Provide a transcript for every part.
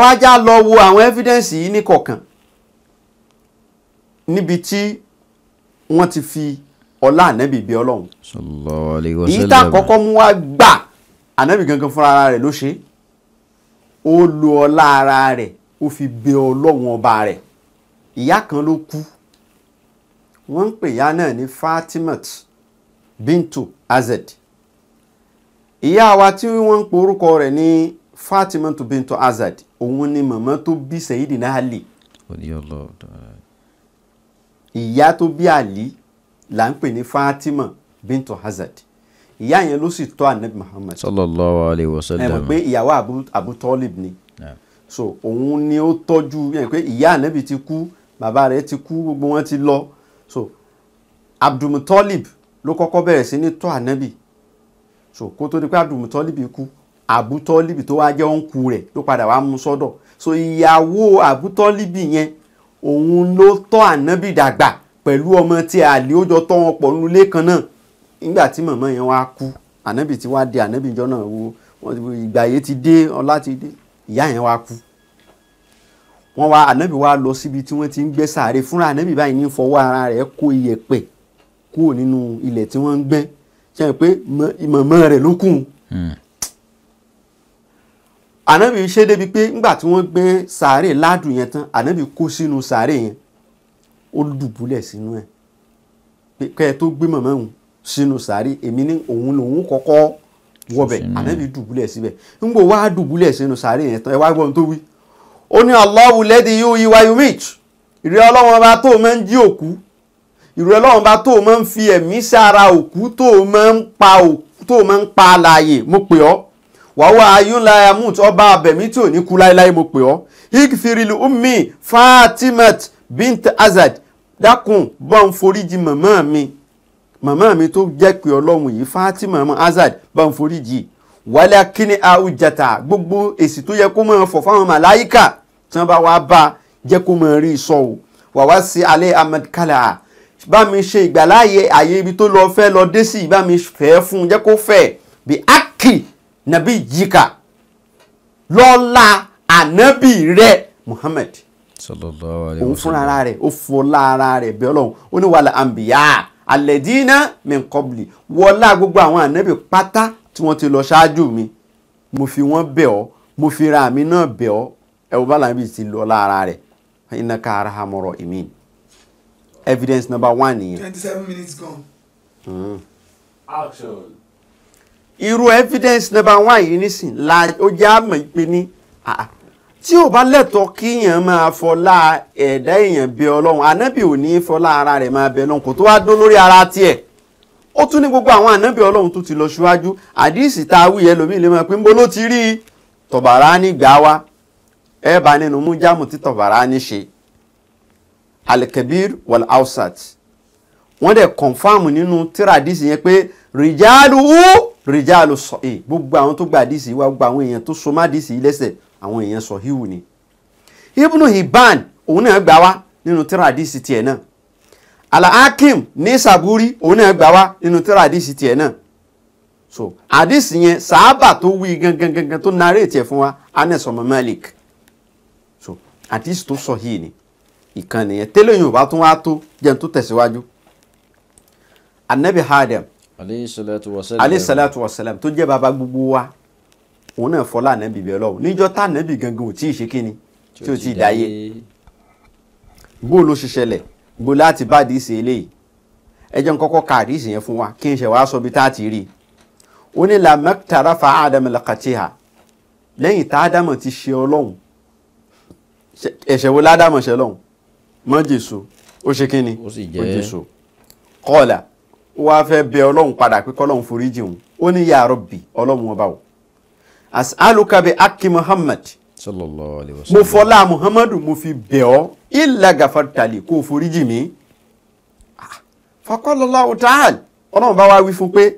wá já lọ wo àwọn evidence yìí ní kọ̀ọ̀kan níbi tí wọ́n ti fi ọlá ànábì bí ọlọ́run èyí tá àkọ́kọ́ mú wá gbà ànábì gangan fúnra ara rẹ̀ ló ṣe ó lo ọlá ara rẹ̀ ó fi bẹ ọlọ́run ọba rẹ̀ ìyá kan ló kú wọ́n ń pè ìyá náà ní Fatimat bintu Azed ìyá wa tí wọ́n ń pe rẹ̀ ní fatima tó bintu azad òun ni màmá tó bí sayidina ali ìyá tó bí ali là ń pè ní fatima bintu azad ìyá yẹn ló sì tọ́ anabi muhammad sallallahu alayhi wa sallam ẹ mọ̀ pé ìyàwó abu talib ni so òun ni ó tọ́jú yẹn pé ìyá anabi ti kú bàbá rẹ̀ ti kú gbogbo wọn ti lọ so abdulmutalib ló kọ́kọ́ bẹ̀rẹ̀ sí ní tọ́ anabi so kó tó di pé abdulmutalib kú àbútọ́líbì tó wáá jẹ́ ọ̀nkù rẹ̀ ló padà wá mú sọ́dọ̀ so ìyàwó àbútọ́líbì yẹn òun ló tọ́ ànábì dàgbà pẹ̀lú ọmọ tí àlè ó jọ tọ́ wọn pọ̀ nínú ilé kan náà nígbà tí màmá yẹn wá kú ànábì tí wá dé ànábì ìjọ náà wo ìgbà yẹn ti dé ọlá ti dé ìyá yẹn wá kú wọ́n wá ànábì wá lọ síbi tí wọ́n ti ń gbẹ́ sàárè fúnra ànábì báyìí ní fọwọ́ ara rẹ̀ kó iyẹ̀pẹ̀ kúrò nínú ilẹ̀ tí wọ́n ń gbẹ́ ṣe pé màmá rẹ̀ ló kù hmm ànábì ṣe débi pé ńgbà tí wọ́n gbé sàárè ládùn yẹn tán ànábì kó sínú sàárè yẹn ó dùbúlẹ̀ sínú ẹ̀ kẹ́ ẹ tó gbé màmá òun sínú sàárè èmi ní òun lòun kọ́kọ́ wọbẹ̀ ànábì dùbúlẹ̀ síbẹ̀ ńgbò wá dùbúlẹ̀ sínú sàárè yẹn tán ẹ wá gbọ́n tó wí. ó ní Allahu lẹ́dí yóò yí wáyú mitch ìrẹ́ ọlọ́run ọba tó máa ń jí òkú ìrẹ́ ọlọ́run ọba tó máa ń fi ẹ̀mí sára òkú tó máa ń pa alààyè mo pè ọ́ wàhùn ayúnlá amúnt ọba abẹ̀mí tí ò ní kú láéláé mo pè ọ́ ikfiril ummi fatimat bint azad dákun bá ń foríjì màmá mi màmá mi tó jẹ́ pé ọlọ́run yìí fatima azad bá ń foríjì wálé akíní àwùjàtà gbogbo èsì tó yẹ kó máa fọ̀ fáwọn màláìkà tí wọ́n bá wá bá jẹ́ kó máa rí sọ o wà sí alẹ́ ahmed kala bá mi ṣe ìgbàláyè àyè ibi tó lọ fẹ́ lọ dé sí bá mi fẹ́ fún jẹ́ kó fẹ́ bí ákì nàbí yíká lọ́lá ànábì rẹ̀ Muhammad òun fúnra rẹ̀ ó fọlá ara rẹ̀ bẹ́ẹ̀ lọ́hùn ó ní wàhálà àǹbìyá àlẹ́dínà mẹ́kọ́bìlì wọlá gbogbo àwọn ànábì pátá tí wọ́n ti lọ ṣáájú mi mo fi wọ́n bẹ̀ ọ́ mo fi ra àmì náà bẹ̀ ọ́ ẹ̀wọ́ bá làbí ti lọ́lá ara rẹ̀ iná ká ara ha mọ̀rọ̀ ìmíì evidence number one nìyẹn. twenty seven minutes gone. Mm. action irú evidence number one yìí nísìn la ó jẹ́ àmọ̀ ìpè ní tí ò bá lẹ́tọ̀ọ́ kíyàn máa fọlá ẹ̀dá èèyàn bẹ ọlọ́run ànábì ò ní fọlá ara rẹ̀ máa bẹ ọlọ́run kò tó wá dó lórí ara tiẹ̀ ó tún ní gbogbo àwọn ànábì ọlọ́run tó ti lọ síwájú àdíìsì tá a wí yẹn lómi ìlú mọ̀ pé ń bó ló ti rí i tọ̀bàrà ní gbà wá ẹ bá nínú mú jáàmù tí tọ̀bàrà ní ṣe alkabir wal ausat wọ́n dẹ̀ kọ̀nfàmù nínú tíradíìsì yẹn pé rìjáàlú rìjáàlù sọ̀hìn gbogbo àwọn tó gba àdìsí wa gbogbo àwọn èèyàn tó so má àdìsí yìí lẹ́sẹ̀ àwọn èèyàn sọ híwù ni. ibnu hibban òun náà gbà wá nínú tíra àdìsí tiẹ̀ náà alahakim ní saburi òun náà gbà wá nínú tíra àdìsí tiẹ̀ náà so àdìsí yẹn sàábà tó wí gangan gangan tó narrate ẹ̀ fún wa anas ọmọ malik so àdìsí tó sọ yìí ni ìkànnì yẹn tẹ́lẹ̀ yóò bá tún wá tó jẹun tó tẹ̀síwájú anabi hadam aleyhi salatu wa salam tó jẹ́ bàbá gbogbo wa òun náà fọlá ànábì bẹ́ẹ̀ lọ́wọ́ níjọ́ tá ànábì gangan ò tí ì ṣe kíni tí ò tí ì dáyé bó ló ṣe ṣẹlẹ̀ bó láti bá àdìsí eléyìí ẹ jẹ́ n kọ́kọ́ ka àdìsí yẹn fún wa kí n ṣe wàá sọ bí tá a ti rí i ó ní la fa ádámù lakatiha lẹ́yìn tá ádámù ti ṣe ọlọ́run ẹ̀ṣẹ̀ wo ládámù ṣe mọ́ jésù ó ṣe kíni ó jésù kọ́ọ̀là ó wá fẹ́ bẹ ọlọ́run padà pé kọ́lọ́run foríjì òun ó ní ya Rabbi ọlọ́run ọba o as'aluka bi aki muhammad sallallahu alaihi wasallam mo fọlá muhammadu mo fi bẹ̀ ọ́ illa gafartali kó o foríjì mi ah, fakọ́lọ́lá ta'al ọlọ́run bá wá wí fún pé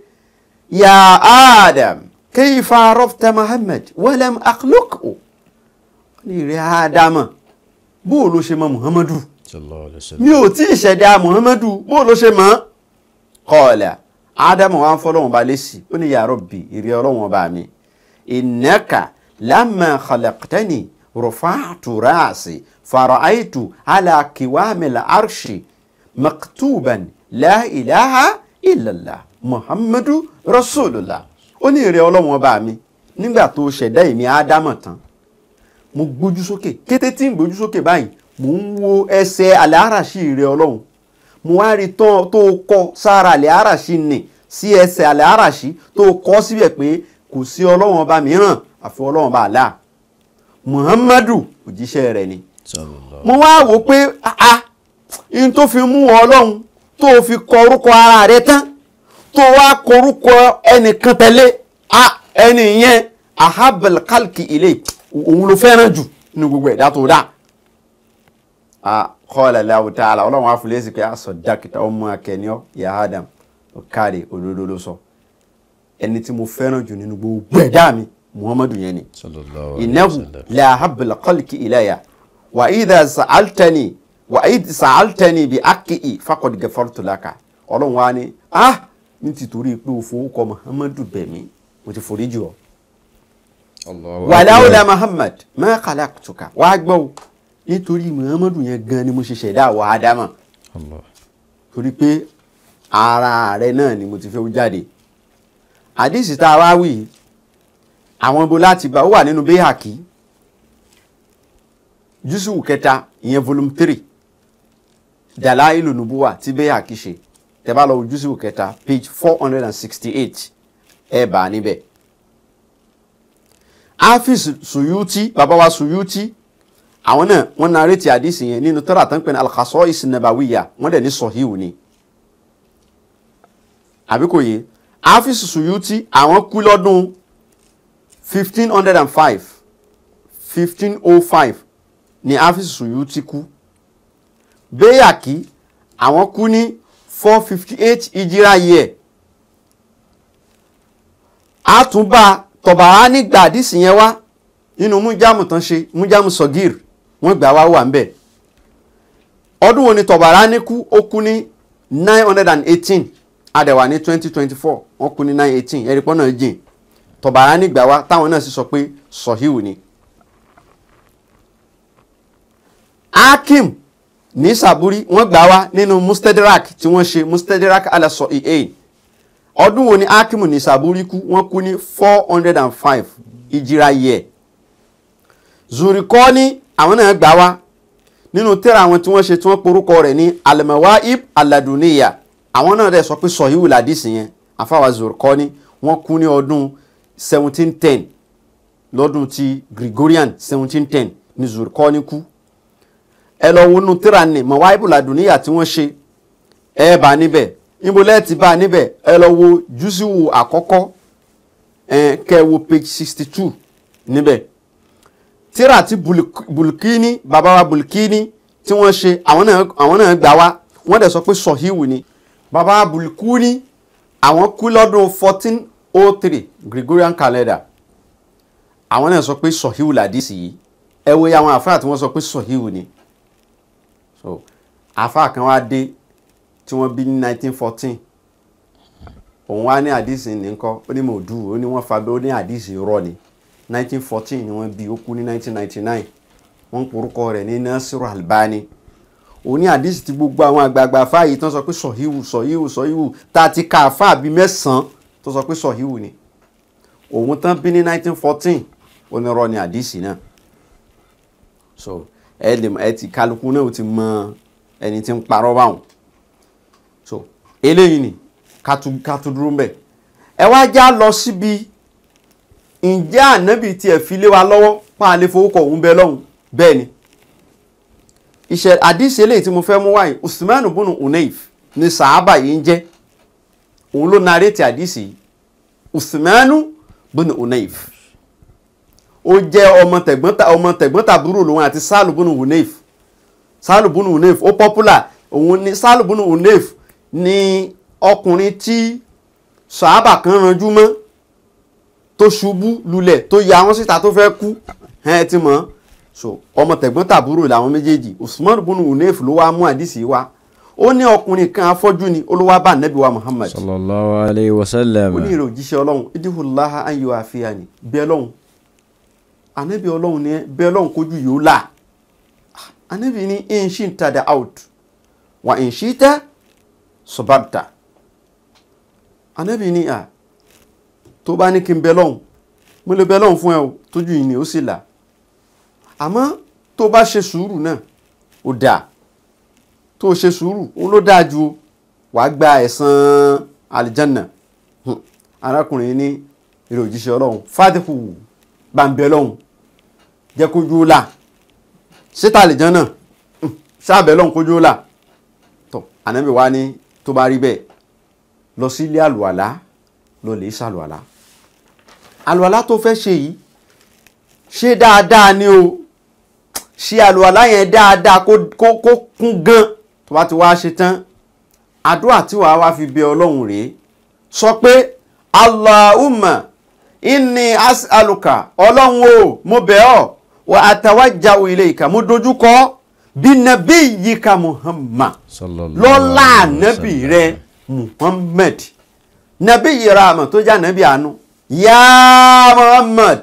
ya adam kayfa arafta muhammad walam akhluqhu ní ìrẹ́ ádámà bó ṣe mọ̀ muhammadu mi ò tí ì ṣẹ̀dá muhammadu bó ṣe mọ̀ kọ́ọ̀là ádámù wa ń fọlọ́wọ́n ba lẹ́sì ó ní ya Rabbi ìrẹ́ ọlọ́wọ́n bá mi ìnẹ́ka lámà khalaqtani rufa'tu ra'si fara'aytu ala kiwamil arshi maktuban la ilaha illallah muhammadu rasulullah ó ní ìrẹ́ ọlọ́wọ́n bá mi nígbà tó ṣẹ̀dá èmi ádámù tán mo gbójú sókè kété tí ń gbójú sókè báyìí mò ń wo ẹsẹ̀ aláràṣì ìrẹ́ ọlọ́run mo wá rí tán tó kọ sára àlẹ́ àràṣì nì sí ẹsẹ̀ àlẹ́ àràṣì tó kọ síbẹ̀ pé kò sí ọlọ́run ọba mìíràn àfi ọlọ́run ọba àlá muhammadu òjíṣẹ́ rẹ̀ ni mo wá wò pé àá ah, ah, n tó fi mú ọlọ́run tó fi kọ orúkọ ara rẹ tán tó wá kọ orúkọ ẹnìkan tẹ̀lé ah, ẹni yẹn ahabal kalki ilé òun ló fẹ́ràn jù ní gbogbo ẹ̀dá tó dáa kọ́ọ̀lá láwù tá a la ọlọ́run àfúlẹ́sì pé àsọ dákítà ọmọ akẹ́niọ́ ìyá adam ọ̀kàrẹ̀ òdodo ló sọ ẹni tí mo fẹ́ràn jù nínú gbogbo ẹ̀dá mi muhammadu yẹn ni ìnáwó làhábìlà kọ́lìkì ìlàyà wà ìdá sàáltẹ́ni wà ìdí sàáltẹ́ni bí akíì faqad gafartu laka ọlọ́run wa ni ah ní ti torí pé o fowó kọ muhammadu bẹ̀mí mo ti forí jù ọ. wàláwùlà muhammad ma khalaqtuka wàá gbọ́ nítorí muhammadu yẹn gan ni mo ṣe ṣẹ̀dá àwọ̀ ádámà torí pé ara rẹ náà ni mo ti fẹ́ jáde àdìsí tá a wá wì àwọn ibo láti bá ó wà nínú béhàkì jùsù kẹta ìyẹn volume three dàlá ìlú nùbúwà tí béhàkì ṣe tẹ́ bá lọ kẹta page four hundred and sixty eight ẹ bá níbẹ̀ áfíìsì sùyútì bàbá wa sùyútì àwọn náà wọ́n narètì àdìsí yẹn nínú tírà tán pé ní al-Khasa'is dẹ̀ ní sọ̀híù ni àbí kò yé Hafiz Suyuti àwọn kú lọ́dún fifteen hundred and five fifteen oh five ni Hafiz Suyuti kú Bayaki àwọn kú ní four fifty eight ìjírá year àtúbà Tọ̀bàránì gbà àdìsí yẹn wá nínú mújàmù tán ṣe mújàmù sọ̀gírì wọ́n gbà wá wà ńbẹ̀ ọdún wo ni tọ̀bàrà ní kú ó kú ní nine hundred and eighteen adẹ̀wà ní twenty twenty four wọ́n kú ní nine eighteen ẹ̀rípọ́n náà jìn tọ̀bàrà ní gbà wá táwọn náà sì sọ pé sọ̀híù ni. akim ní sàbúrí wọ́n gbà wá nínú mustadrak tí wọ́n ṣe mustadrak alasọ ea ọdún wo ni akim ní sàbúrí kú wọ́n kú ní four hundred and five ìjìrà yẹ zurikọ́ ní àwọn náà gbà wá nínú tẹ́ra àwọn tí wọ́n ṣe tí wọ́n porúkọ rẹ̀ ní al-Mawa'ib al-Laduniyya àwọn náà dẹ̀ sọ pé sọ̀híwù làdísì yẹn àfáwà Zurqani wọ́n kú ní ọdún 1710 lọ́dún ti Gregorian 1710 ní Zurqani kú ẹ lọ wo nínú tẹ́ra ní Mawa'ib al-Laduniyya tí wọ́n ṣe ẹ bá níbẹ̀ níbo lẹ́ẹ̀tì bá níbẹ̀ ẹ lọ wo jùsíwù àkọ́kọ́ ẹ page 62 níbẹ̀ tíra tí bulkini bàbá wa bulkini tí wọ́n ṣe àwọn náà àwọn náà gbà wá wọ́n dẹ̀ sọ pé sọ̀híwù ni bàbá wa bulkini àwọn kú lọ́dún 1403 oh three Gregorian calendar àwọn náà sọ pé sọ̀híwù làdísì yìí ẹ wo àwọn àfáà tí wọ́n sọ pé sọ̀híwù ni so àfáà kan wá dé tí wọ́n bí ní nineteen fourteen òun wá ní àdísì nìkan ó ní mòdù ó ní wọ́n fa bẹ́ẹ̀ ó ní àdísì rọ́ ni. 1914 ni wọ́n bí ó kú ní 1999 wọ́n ń porúkọ rẹ̀ ní Nasiru Albani òní àdísì tí gbogbo àwọn àgbààgbà fáyì tán sọ pé sọ̀híwù sọ̀híwù sọ̀híwù tá a ti ka àfáà bíi mẹ́sàn-án tó sọ pé sọ̀híwù ni òun tán bí ní 1914 onírọ́ ni àdísì náà so ẹ lè ẹ ti kálukú náà ó ti mọ ẹni tí ń parọ́ báwọn so eléyìí ni ká tún dúró mbẹ̀ ẹ wá já lọ síbi. Si ǹjẹ́ ànábì tiẹ̀ fi lé wa lọ́wọ́ pa àlè fowókọ̀ òun bẹ lọ́hùn bẹ́ẹ̀ ni ìṣẹ̀ àdìsí eléyìí tí mo fẹ́ mú wáyé usman bunu unaif ni sàábà yìí ń jẹ́ òun ló narétì àdìsí usman bunu unaif ó jẹ́ ọmọ tẹ̀gbọ́ntà ọmọ tẹ̀gbọ́ntàbúrò lòun àti sálù bunu unaif sálù bunu unaif ó pọ́pùlà òun ni sálù bunu unaif ni ọkùnrin tí sàábà kan ranjú mọ́ tó ṣubú lulẹ̀ tó ya wọn síta tó fẹ́ kú ẹ ti mọ̀ so ọmọ tẹ̀gbọ́n tàbúrò làwọn méjèèjì Usman bunu unef ló wá mú àdìsí wá ó ní ọkùnrin kan afọ́jú ni olówó bá nẹ́bí wa Muhammad sallallahu alayhi wa sallam ó ní ìrò òjíṣẹ́ ọlọ́run idihulaha ayo àfihàn ni bẹ́ẹ̀ lọ́hùn ànẹ́bí ọlọ́run ni bẹ́ẹ̀ lọ́hùn kojú yìí ó là ànẹ́bí ni inshin tada out wa inshita sobabta ànẹ́bí ni à. Ah, tó bá ní kí n bẹ lọ́hùn mo lè bẹ lọ́hùn fún ẹ o tójú yìí ni ó sì là àmọ́ tó bá ṣe sùúrù náà ó dáa tó ṣe sùúrù òun ló dáa ju wàá gba ẹ̀san àlìjánà arákùnrin ní èrè òjíṣẹ́ ọlọ́run fàdíhù bàǹbẹ̀ lọ́hùn jẹ́ kójú ó là ṣètà àlìjánà ṣáàbẹ̀ lọ́hùn kójú ó là tó ànábì wa ní tó bá rí bẹ́ẹ̀ lọ sí ilé àlùwàlá lọ lè ṣàlùwàlá àlùwàlá tó fẹ́ ṣe yìí ṣe dáadáa ni o ṣe àlùwàlá yẹn dáadáa kó kún gan tó bá ti wá ṣe tán àdúrà tí wàá wá fi bẹ ọlọ́run rèé sọ pé Allahumma inni as'aluka ọlọ́run o mo bẹ̀ ọ́ wà atawajja'u ilayka mo dojú kọ́ yíká Muhammad lọ́la nàbí rẹ Muhammad nàbí yìí ra àmọ̀ tó já nàbí àánú ya muhammad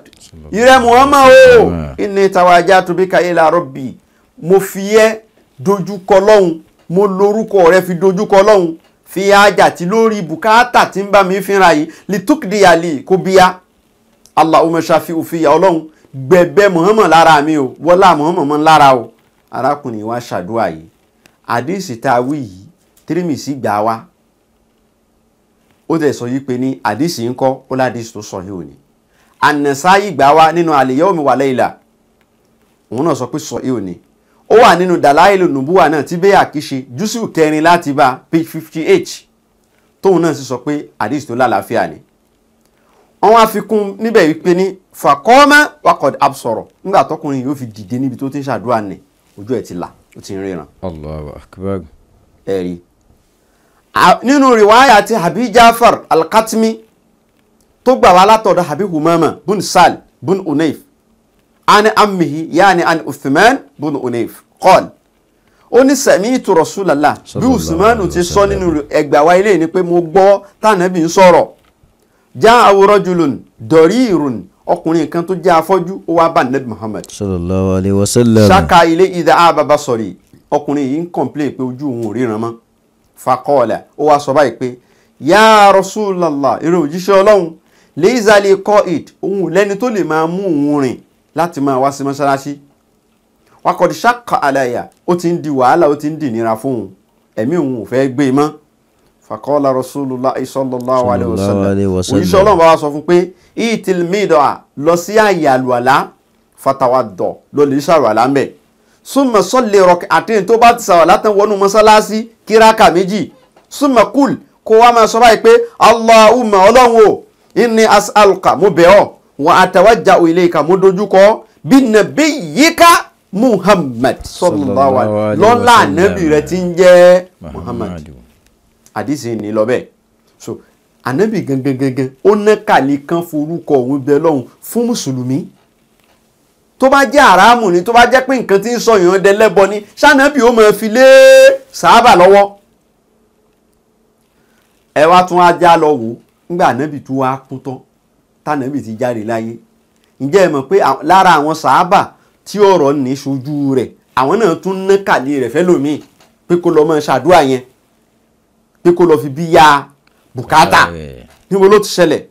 ire muhammad o inni tawajjahtu bika ila rabbi mo fi yẹ dojúkọ lọ́hùn mo lórúkọ rẹ fi dojúkọ lọ́hùn fi ajá tí lórí bùkátà tí ń bá mi fínra yìí litukdiyali kò bíya allahumma shafi òfìyà ọlọ́hun gbẹ̀gbẹ́ muhammad lára mi o wọlá muhammad mọ́ lára o arákùnrin wa ṣàdúrà yìí àdéhìsì tá a wí yìí tírímìsì gbà ó tẹ̀ sọ yìí pé ní àdìsí ń kọ́ ó ládìsí tó sọ yìí ò ní ànàsáyì gbà wá nínú al-yawmi wa layla òun náà sọ pé sọ yìí ò ní ó wà nínú dàláìlò nùbúwà náà tí bẹ́ẹ̀ àkíṣe jùsù kẹrin láti bá page fifty eight tóun náà sì sọ pé àdìsí tó lálàáfíà ni wọ́n wá fi kún níbẹ̀ wípé ní fàkọ́ọ́mọ́ wakọ̀ absọ̀rọ̀ nígbà tọkùnrin yóò fi dìde níbi tó ti ń ṣàdúrà nì ojú ẹ̀ ti là ó ti ń ríran. Allahu akbar. ẹ nínú riwaya ti Abi Jafar al-Katmi tó gbà wá látọ̀dọ̀ Abi Humama bun Sal bun Unayf ani amihi yaani ani Uthman bun Unayf qala ó ní sami'tu Rasulullah bí Uthman ti sọ nínú ẹgbà wa ilé ni pé mo gbọ́ tànàbí ń sọ̀rọ̀ ja'ahu rajulun darirun ọkùnrin kan tó jẹ́ afọ́jú ó wá bá nabi Muhammad sallallahu alayhi wa sallam ṣáka ilé ìdá àbábá sọ̀rí ọkùnrin yìí ń kọ̀ǹplé pé ojú òun ò ríran mọ́ fakọ́ọ̀là ó wá sọ báyìí pé yá Rasulullah èrò òjíṣẹ́ ọlọ́run lézàlè kọ́ id òun lẹ́ni tó lè máa mú òun rìn láti máa wá sí mọ́ṣáláṣí wakọ̀dí ṣàkà àlàyà ó ti ń di wàhálà ó ti ń di nira fún òun ẹ̀mí òun ò fẹ́ gbé e mọ́ fakọ́ọ̀là Rasulullah sallallahu alaihi wasallam òjíṣẹ́ ọlọ́run bá wá sọ fún pé ìtìlmídọ́à lọ sí àyè àlùwàlá lọ lè ṣàrò àlá súnmọ̀ sọ́lẹ̀ rọ̀kì àtẹ̀yìn tó bá ti sàwà látàn wọnú mọ́sálásí kíráka méjì súnmọ̀ kúl kó wá máa sọ báyìí pé Allahumma ọlọ́run o inni as'aluka mo bẹ̀ ọ́ wa atawajja'u ilayka mo dojúkọ bí nabiyyika Muhammad sallallahu alaihi lọ́la ànábì rẹ ti ń jẹ́ Muhammad àdìsí ni lọ bẹ́ẹ̀ so ànábì gangan gangan ó ná kan forúkọ òun bẹ lọ́hùn fún mùsùlùmí tó bá jẹ́ àràmù ni tó bá jẹ́ pé nǹkan tí ń sọ èèyàn dẹlẹ́bọ ni sànàbì ó máa fi lé sàábà lọ́wọ́ ẹ wá tún á já lọ wò nígbà ànábì tún wá kú tán tànàbì ti jáde láyé ǹjẹ́ ẹ mọ̀ pé lára àwọn sàábà tí ọ̀rọ̀ ní ṣojú rẹ̀ àwọn náà tún ná kàlí rẹ̀ fẹ́ pé kó lọ máa ṣàdúrà yẹn pé kó lọ fi bí ya bùkátà níbo ló ti ṣẹlẹ̀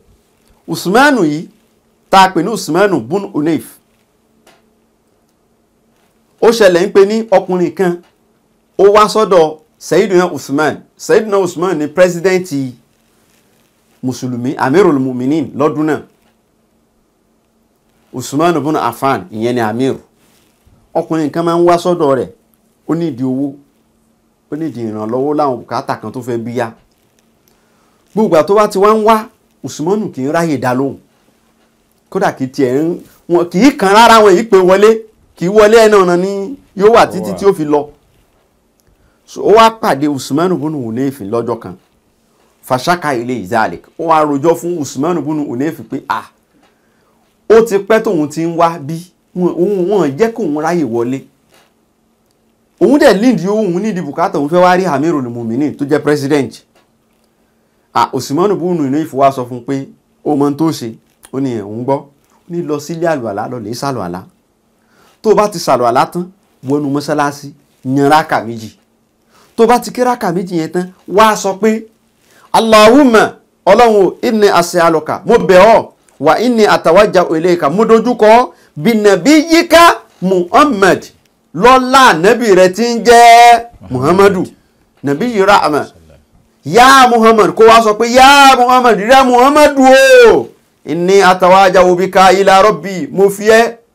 Usmanu yìí tá a pè ní Usmanu bun Unaif ó ṣẹlẹ̀ ń pe ní ọkùnrin kan ó wá sọ́dọ̀ Sayyidina Usman Sayyidina Usman ni pírẹsidẹ́ǹtì mùsùlùmí amirul muminin lọ́dún náà Usman ibn Affan ìyẹn ni amir ọkùnrin kan máa ń wá sọ́dọ̀ rẹ̀ ó nídìí owó ó nídìí ìrànlọ́wọ́ láwọn bùkátà kan tó fẹ́ bíyá gbogbo àti wá ti wá ń wá Usman kì í ráyè dá lóhùn kódà kì í tiẹ̀ ń wọn kì í kan rárá wọn yìí pé wọlé kì í wọlé ẹ̀nà ọ̀nà ni yóò wà títí tí ó fi lọ. ó wá pàdé usman bunu unefi lọ́jọ́ kan fàṣàkà ilé ìzàlẹ̀ ó wá rojọ́ fún usman bunu unefi pé à ó ti pẹ́ tóun ti ń wá bí wọ́n jẹ́ kóun ráyè wọlé òun dẹ̀ lídìí òun nídìí bùkátà òun fẹ́ wá rí amirul muminin tó jẹ́ president ah osimhanu bunu inú ìfowópamọ́ sọ fún un pé ó mọ ohun tó ṣe ó ní ẹ̀ ń gbọ́ ó ní lọ sílé àlùalá lọ lè sàlùalá tó o bá ti ṣàlùwàlá tán wọnú mọ́ṣáláṣí yan rákà méjì tó o bá ti kí rákà méjì yẹn tán wá sọ pé Allahumma ọlọ́run inni as'aluka mo bẹ̀ ọ́ wà inni atawajja'u ilayka mo dojúkọ bí yíká Muhammad lọ́lá nàbí rẹ ti ń jẹ́ Muhammadu nàbí yìí rahma yá Muhammad kó wá sọ pé yá Muhammad rẹ Muhammadu o inni atawajja'u bika ila rabbi mo fi ẹ́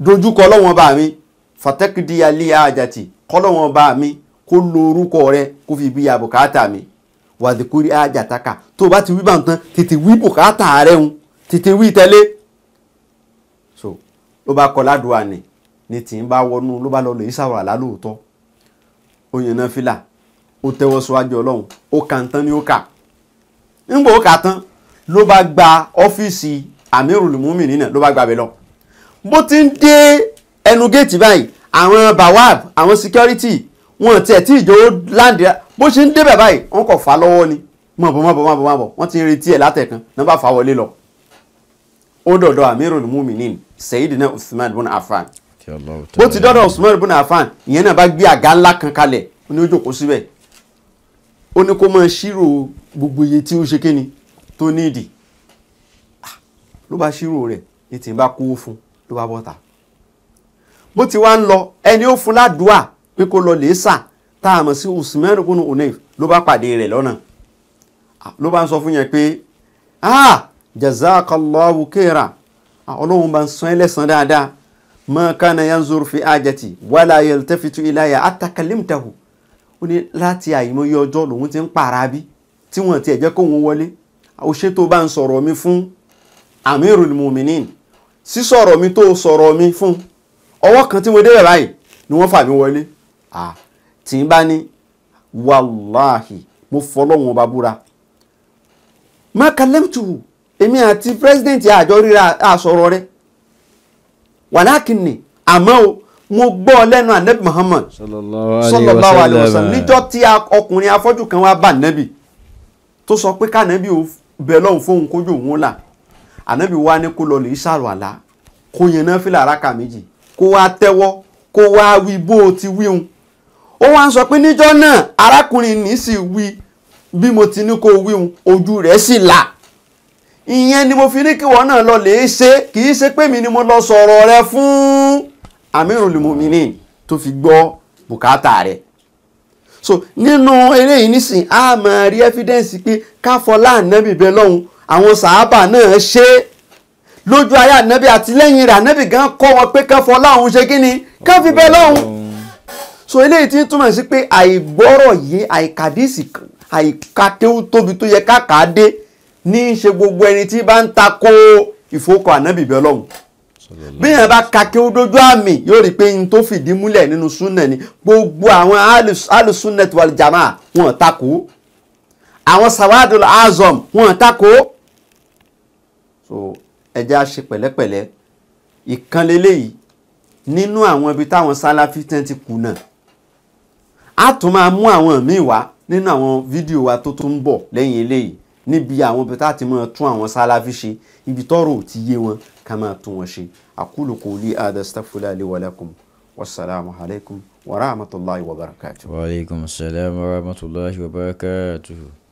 dojúkọ ọlọ́wọ́n bá mi fàtẹ́kìdí alẹ́ àjàtì kọ́lọ́wọ́n bá mi kó lo orúkọ rẹ kó fi bí ya bùkátà mi wàdìkúrí àjàtàkà tó o bá ti wí bá nǹkan tètè wí bùkátà rẹ ń tètè wí tẹ́lẹ̀ so ló bá kọ ládùúgbò àná ni tì ń bá wọnú ló bá lọ lè ṣàwàrà lálóòótọ́ oyin náà fìlà ó tẹ́wọ́ síwájú ọlọ́run ó kà ń tán ní ó kà ńgbò ó kà tán ló bá gba ọ́fíìsì àmírùlùmúmìnì náà ló bá gba lọ bó ti ń dé ẹnu géètì báyìí àwọn bawab àwọn security wọn tiẹ̀ tí ìjọ láǹdì bó ṣe ń débẹ̀ báyìí wọn kò fà á lọ́wọ́ ni mọ̀bọ̀ mọ̀bọ̀ mọ̀bọ̀ mọ̀bọ̀ wọ́n ti ń retí ẹ̀ látẹ̀kan náà bá fà wọlé lọ. ó dọ̀dọ̀ amirul muminin Sayyidina Usman ibn Affan bó ti dọ́dọ̀ Usman ibn Affan ìyẹn náà bá gbé àga ńlá kan kalẹ̀ ó ní ó jókòó síbẹ̀ ó ní kó máa ṣírò gbogbo iye tí ó ṣe kíni tó ní ìdì ah, ló bá ṣírò rẹ̀ ètè ń bá kówó fún ló wá bọ́ta bó ti wá ń lọ ẹni ó fún ládùúà pé kó lọ lè sà tá a mọ̀ sí Usman kunu Hunayf ló bá pàdé rẹ̀ lọ́nà ló bá ń sọ fún yẹn pé ah jazakallahu khaira ọlọ́run bá ń san ẹ́ lẹ́san dáadáa ma kana yanzur fi ajati wala yaltafitu ilayya atakalimtahu ó ní láti àìmọye ọjọ́ lòun ti ń pààrà bí tí wọ́n ti ẹ̀jẹ̀ kóun wọlé ó ṣètò bá ń sọ̀rọ̀ mi fún amirul muminin sísọ̀rọ̀ mi tó sọ̀rọ̀ mi fún ọwọ́ kan tí mo dé bẹ̀ báyìí ni wọ́n fà mí wọlé tí n bá ní wàláhì mo fọlọ́wọn ọba búra makalẹ́mtù èmi àti pírẹ́sidẹ̀ntì àjọ ríra àsọ̀rọ̀ rẹ wàlákìnnì àmọ́ o mo gbọ́ lẹ́nu anabi muhammad sallallahu alayhi wa níjọ́ tí ọkùnrin afọ́jú kan wá bá anabi tó sọ pé kánabi ò bẹ̀ lọ́hùn fóun kójú òun là ànábì wa ní kó lọ lè ṣàrò àlá kó yẹn náà fìlà àràkà méjì kó wá tẹ́wọ́ kó wá wí bó o ti wíhun ó wá ń sọ pé níjọ́ náà arákùnrin ní sì wí bí mo ti ní kó wíhun ojú rẹ̀ sì là ìyẹn ni mo fi ní kíwọ́ náà lọ lè ṣe kì í ṣe pé mi ni mo lọ sọ̀rọ̀ rẹ fún Amirul Muminin tó fi gbọ́ bùkátà rẹ̀ so nínú eléyìí nísìn a máa rí ẹ́fídẹ́ǹsì pé káfọlá ànábì bẹ́ẹ̀ lọ́hùn àwọn sàábà náà ṣe lójú ayé ànábì àti lẹ́yìn rẹ̀ ànábì gan kọ́ wọn pé kán fọ ṣe kí ni kán fi bẹ́ẹ̀ lọ́hùn. so eléyìí ti ń túmọ̀ sí pé àìgbọ́rọ̀ yé àìkàdísì àìkàkéwú tóbi tó yẹ káàkàdé ní í ṣe gbogbo ẹni tí bá ń takò ìfowókọ ànábì bẹ́ẹ̀ lọ́hùn bí yẹn bá ka kí ó dójú àmì yóò rí i pé n tó fìdí múlẹ̀ nínú súnà ni gbogbo àwọn alùsúnà wal wọn tako àwọn sawadul azam wọn tako so ẹja ṣe pẹ̀lẹ́pẹ̀lẹ́ ìkan leléyìí nínú àwọn ibi táwọn sáláfí tẹ́ ti kùnà a tún máa mú àwọn míì wá nínú àwọn fídíò wa tó tún ń bọ̀ lẹ́yìn eléyìí níbi àwọn ibi tá ti máa tún àwọn sáláfí ṣe ibi tọ́rọ̀ ò ti yé wọn ká máa tún wọn ṣe aqulu quli hadha astaghfirullahi li wa lakum wasalaamu alaykum wa rahmatulahi wa barakatuhu. wa aleykum